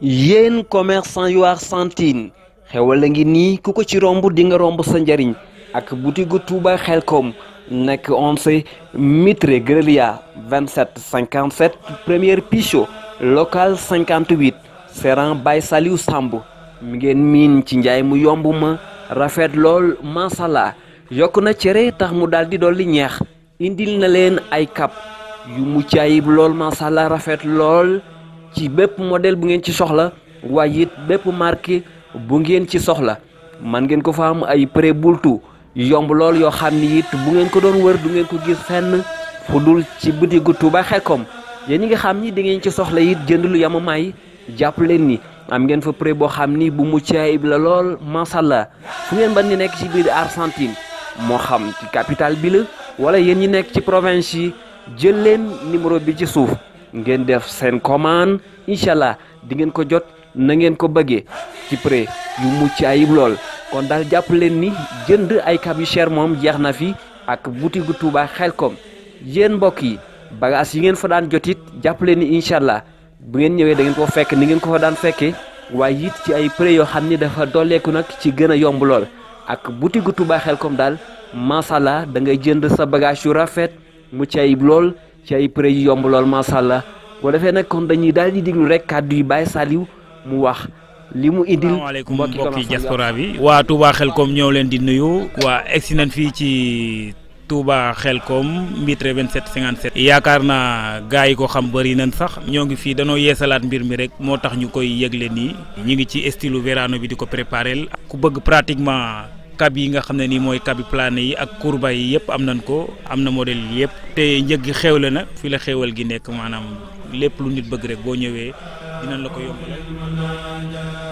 yéen commerçant yu Argentine xewal a ngi nii ku ko ci romb di nga romb sa njariñ ak butigu Touba koom nekk once Mitre Grelia 27 57 premier Picho local 58 Seran bay Saliou Samb mi ngeen miin ci njaay mu yomb ma rafet lool masala yokk na cere tax mu daal di dolli ñeex indil na leen ay kap yu mucc ayib lool masala rafet lool ci bépp modèle bu ngeen ci soxla waaye it bépp marque bu ngeen ci soxla man ngeen ko fa am ay pré bultu yomb lool yoo xam ni it bu ngeen ko doon wër du ngeen ko gis fenn fu dul ci bitigu Touba Xelkom yéen ñi nga xam ni di ngeen ci soxla it jënd lu yamamaay jàpp leen ni am ngeen fa pré boo xam ni bu mucc ayib la lool macha allah fu ngeen ban ni nekk ci biir Argentine moo xam ci capitale bi la wala yéen ñi nekk ci province yi jël leen numéro bi ci suuf. ngeen def seen commande incha allah di ngeen ko jot na ngeen ko bëggee ci prix yu mucc ayib lool kon daal jàpp leen ni jënd ay cab moom jeex na fi ak boutique gu Touba Xelkom yéen mbokk yi bagaas yi ngeen fa daan jot it jàpp leen ni incha allah bu ngeen ñëwee da ngeen ko fekk ni ngeen ko fa daan fekkee waaye it ci ay prix yoo xam ni dafa dolleeku nag ci gën a yomb lool ak boutique gu Touba kom daal macha allah da ngay jënd sa bagage yu rafet mucc ayib lool. ci ay prix yu yomb loolu macha allah boo defee nag kon dañuy daal di déglu rek kàddu yi Baye Saliou mu wax li mu indil. asalaamaaleykum mbokki diaspora bi waa xel Xelkom ñëw leen di nuyu. waa si nañ fii ci Touba Xelkom mbitre 27 57. yaakaar naa gars yi ko xam bëri nañ sax ñoo ngi fii danoo yeesalaat mbir mi rek moo tax ñu koy yëgle nii. ñu ngi ci style verano bi di ko préparé ku bëgg pratiquement. cab yi nga xam ne nii mooy cabi plané yi ak courba yi yëpp am nañ ko am na modèle yi yëpp te njëg gi xéewle na fi la xewal gi nekk maanaam lépp lu nit bëgg rek boo ñëwee dinañ la ko yombalal